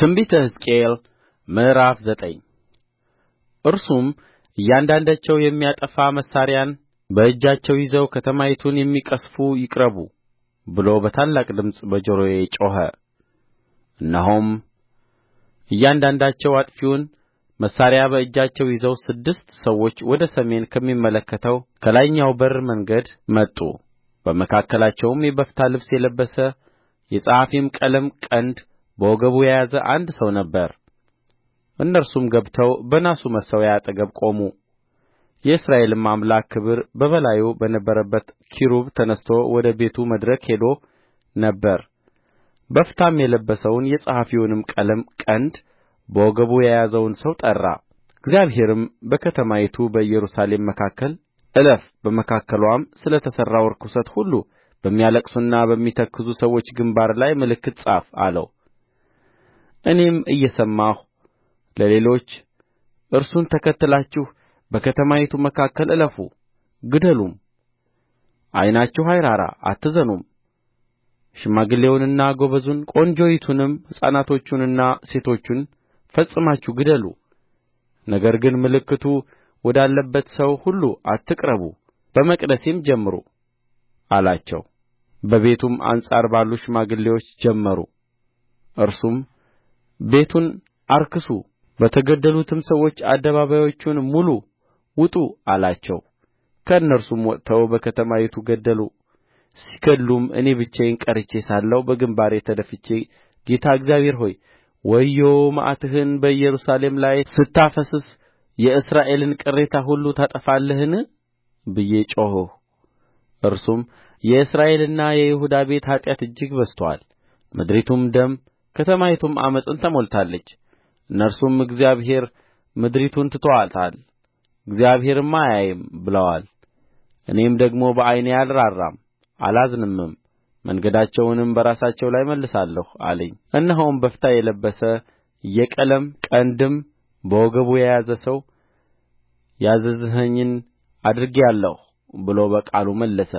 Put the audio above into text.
ትንቢተ ሕዝቅኤል ምዕራፍ ዘጠኝ እርሱም እያንዳንዳቸው የሚያጠፋ መሣሪያን በእጃቸው ይዘው ከተማይቱን የሚቀሥፉ ይቅረቡ ብሎ በታላቅ ድምፅ በጆሮዬ ጮኸ እነሆም እያንዳንዳቸው አጥፊውን መሣሪያ በእጃቸው ይዘው ስድስት ሰዎች ወደ ሰሜን ከሚመለከተው ከላይኛው በር መንገድ መጡ። በመካከላቸውም የበፍታ ልብስ የለበሰ የጸሐፊም ቀለም ቀንድ በወገቡ የያዘ አንድ ሰው ነበረ እነርሱም ገብተው በናሱ መሠዊያ አጠገብ ቆሙ የእስራኤልም አምላክ ክብር በበላዩ በነበረበት ኪሩብ ተነሥቶ ወደ ቤቱ መድረክ ሄዶ ነበር በፍታም የለበሰውን የጸሐፊውንም ቀለም ቀንድ በወገቡ የያዘውን ሰው ጠራ እግዚአብሔርም በከተማይቱ በኢየሩሳሌም መካከል እለፍ በመካከልዋም ስለ ተሠራው ርኵሰት ሁሉ በሚያለቅሱና በሚተክዙ ሰዎች ግምባር ላይ ምልክት ጻፍ አለው እኔም እየሰማሁ ለሌሎች እርሱን ተከትላችሁ በከተማይቱ መካከል እለፉ ግደሉም ዓይናችሁ አይራራ አትዘኑም ሽማግሌውንና ጐበዙን ቈንጆይቱንም ሕፃናቶቹንና ሴቶቹን ፈጽማችሁ ግደሉ ነገር ግን ምልክቱ ወዳለበት ሰው ሁሉ አትቅረቡ በመቅደሴም ጀምሩ አላቸው በቤቱም አንጻር ባሉ ሽማግሌዎች ጀመሩ እርሱም ቤቱን አርክሱ በተገደሉትም ሰዎች አደባባዮቹን ሙሉ ውጡ አላቸው ከእነርሱም ወጥተው በከተማይቱ ገደሉ ሲገድሉም እኔ ብቻዬን ቀርቼ ሳለሁ በግምባሬ ተደፍቼ ጌታ እግዚአብሔር ሆይ ወዮ መዓትህን በኢየሩሳሌም ላይ ስታፈስስ የእስራኤልን ቅሬታ ሁሉ ታጠፋለህን ብዬ ጮኽሁ እርሱም የእስራኤልና የይሁዳ ቤት ኃጢአት እጅግ በዝቶአል ምድሪቱም ደም ከተማይቱም ዓመፅን ተሞልታለች እነርሱም እግዚአብሔር ምድሪቱን ትቶአታል እግዚአብሔርም አያይም ብለዋል እኔም ደግሞ በዓይኔ አልራራም አላዝንምም መንገዳቸውንም በራሳቸው ላይ እመልሳለሁ አለኝ እነሆም በፍታ የለበሰ የቀለም ቀንድም በወገቡ የያዘ ሰው ያዘዝኸኝን አድርጌአለሁ ብሎ በቃሉ መለሰ